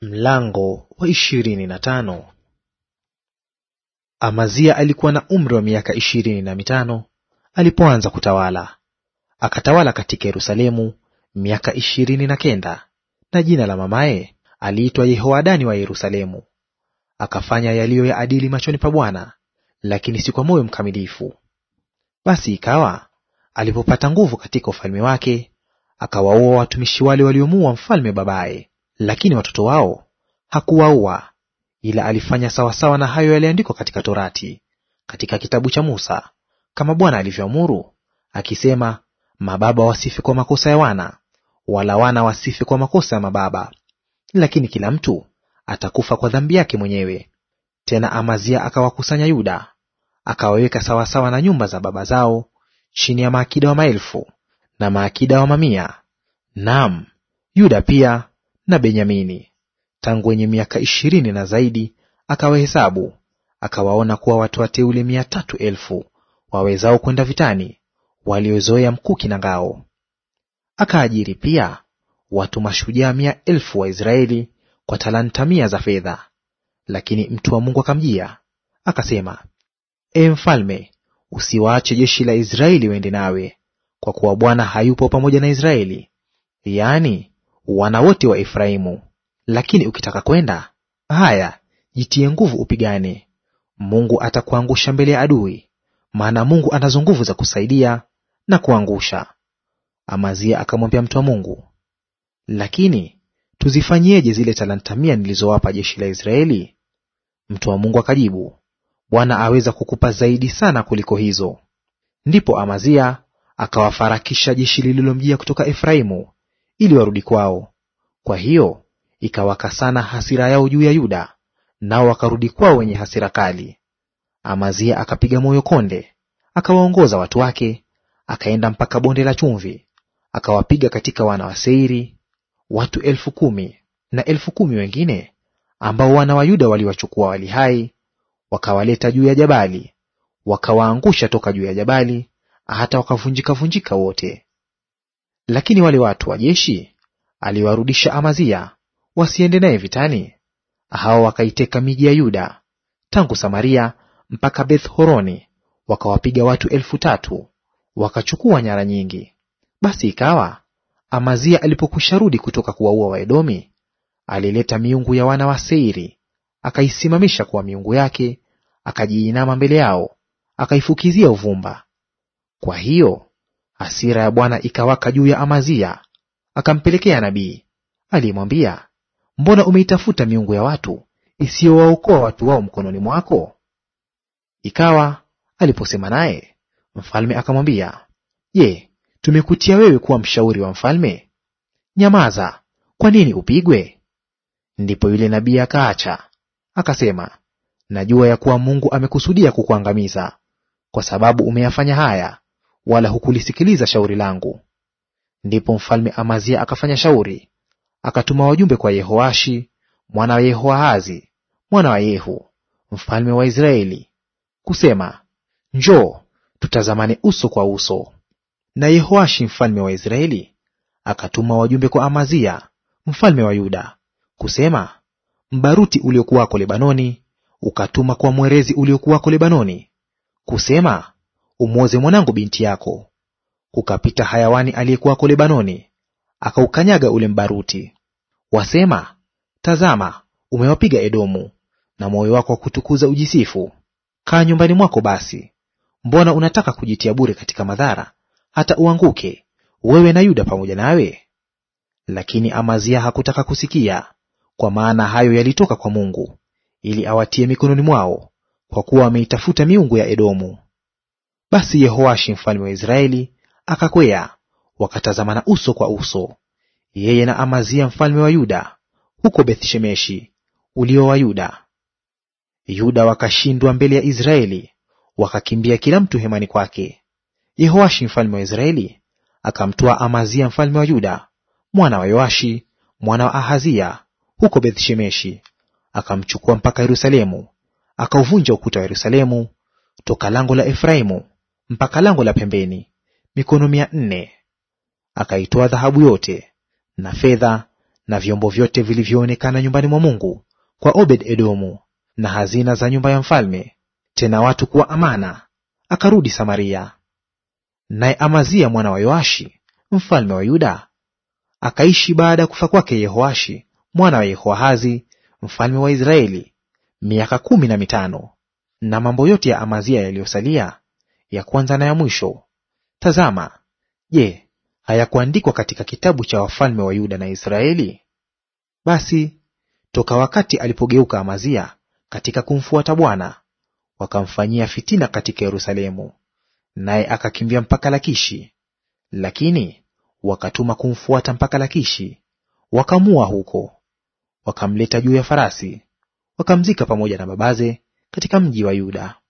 Mlango wa ishirini na tano. Amazia alikuwa na umri wa miaka ishirini na mitano alipoanza kutawala, akatawala katika Yerusalemu miaka ishirini na kenda, na jina la mamaye aliitwa Yehoadani wa Yerusalemu. Akafanya yaliyo ya adili machoni pa Bwana, lakini si kwa moyo mkamilifu. Basi ikawa alipopata nguvu katika ufalme wake, akawaua watumishi wale waliomuua mfalme babaye lakini watoto wao hakuwaua, ila alifanya sawasawa na hayo yaliandikwa katika Torati, katika kitabu cha Musa, kama Bwana alivyoamuru akisema, mababa wasife kwa makosa ya wana, wala wana wasife kwa makosa ya mababa, lakini kila mtu atakufa kwa dhambi yake mwenyewe. Tena Amazia akawakusanya Yuda, akawaweka sawasawa na nyumba za baba zao, chini ya maakida wa maelfu na maakida wa mamia. Naam, Yuda pia na Benyamini tangu wenye miaka ishirini na zaidi akawahesabu, akawaona kuwa watu wateule mia tatu elfu wawezao kwenda vitani, waliozoea mkuki na ngao. Akaajiri pia watu mashujaa mia elfu wa Israeli kwa talanta mia za fedha. Lakini mtu wa Mungu akamjia akasema, E mfalme, usiwaache jeshi la Israeli waende nawe, kwa kuwa Bwana hayupo pamoja na Israeli, yaani wana wote wa Efraimu. Lakini ukitaka kwenda, haya, jitie nguvu upigane. Mungu atakuangusha mbele ya adui, maana Mungu anazo nguvu za kusaidia na kuangusha. Amazia akamwambia mtu wa Mungu, lakini tuzifanyieje zile talanta mia nilizowapa jeshi la Israeli? Mtu wa Mungu akajibu, Bwana aweza kukupa zaidi sana kuliko hizo. Ndipo Amazia akawafarakisha jeshi lililomjia kutoka Efraimu ili warudi kwao. Kwa hiyo ikawaka sana hasira yao juu ya Yuda, nao wakarudi kwao wenye hasira kali. Amazia akapiga moyo konde, akawaongoza watu wake, akaenda mpaka bonde la chumvi, akawapiga katika wana wa Seiri watu elfu kumi na elfu kumi wengine ambao wana wa Yuda waliwachukua wali hai, wakawaleta juu ya jabali, wakawaangusha toka juu ya jabali hata wakavunjika vunjika wote. Lakini wale watu wa jeshi aliwarudisha Amazia wasiende naye vitani, hao wakaiteka miji ya Yuda tangu Samaria mpaka Beth-horoni, wakawapiga watu elfu tatu, wakachukua nyara nyingi. Basi ikawa Amazia alipokwisha rudi kutoka kuwaua Waedomi, alileta miungu ya wana wa Seiri, akaisimamisha kuwa miungu yake, akajiinama mbele yao, akaifukizia uvumba. Kwa hiyo hasira ya Bwana ikawaka juu ya Amazia, akampelekea nabii aliyemwambia, mbona umeitafuta miungu ya watu isiyowaokoa watu wao mkononi mwako? Ikawa aliposema naye, mfalme akamwambia, Je, tumekutia wewe kuwa mshauri wa mfalme? Nyamaza, kwa nini upigwe? Ndipo yule nabii akaacha, akasema, najua ya kuwa Mungu amekusudia kukuangamiza kwa sababu umeyafanya haya wala hukulisikiliza shauri langu. Ndipo mfalme Amazia akafanya shauri, akatuma wajumbe kwa Yehoashi mwana wa Yehoahazi mwana wa Yehu mfalme wa Israeli kusema, njoo tutazamane uso kwa uso. Na Yehoashi mfalme wa Israeli akatuma wajumbe kwa Amazia mfalme wa Yuda kusema, mbaruti uliokuwako Lebanoni ukatuma kwa mwerezi uliokuwako Lebanoni kusema, umwoze mwanangu binti yako. Kukapita hayawani aliyekuwako Lebanoni, akaukanyaga ule mbaruti. Wasema, tazama, umewapiga Edomu, na moyo wako wa kutukuza ujisifu. Kaa nyumbani mwako basi, mbona unataka kujitia bure katika madhara, hata uanguke wewe na Yuda pamoja nawe? Lakini Amazia hakutaka kusikia, kwa maana hayo yalitoka kwa Mungu, ili awatie mikononi mwao, kwa kuwa wameitafuta miungu ya Edomu. Basi Yehoashi mfalme wa Israeli akakwea, wakatazamana uso kwa uso, yeye na Amazia mfalme wa Yuda huko Bethshemeshi ulio wa Yuda. Yuda wakashindwa mbele ya Israeli, wakakimbia kila mtu hemani kwake. Yehoashi mfalme wa Israeli akamtoa Amazia mfalme wa Yuda mwana wa Yoashi mwana wa Ahazia huko Bethshemeshi, akamchukua mpaka Yerusalemu, akauvunja ukuta wa Yerusalemu toka lango la Efraimu mpaka lango la pembeni mikono mia nne. Akaitoa dhahabu yote na fedha na vyombo vyote vilivyoonekana nyumbani mwa Mungu kwa Obed Edomu na hazina za nyumba ya mfalme, tena watu kuwa amana, akarudi Samaria. Naye Amazia mwana wa Yoashi mfalme wa Yuda akaishi baada ya kufa kwake Yehoashi mwana wa Yehoahazi mfalme wa Israeli miaka kumi na mitano. Na mambo yote ya Amazia yaliyosalia ya kwanza na ya mwisho. Tazama, je, hayakuandikwa katika kitabu cha wafalme wa Yuda na Israeli? Basi toka wakati alipogeuka Amazia katika kumfuata Bwana, wakamfanyia fitina katika Yerusalemu, naye akakimbia mpaka Lakishi. Lakini wakatuma kumfuata mpaka Lakishi, wakamua huko. Wakamleta juu ya farasi, wakamzika pamoja na babaze katika mji wa Yuda.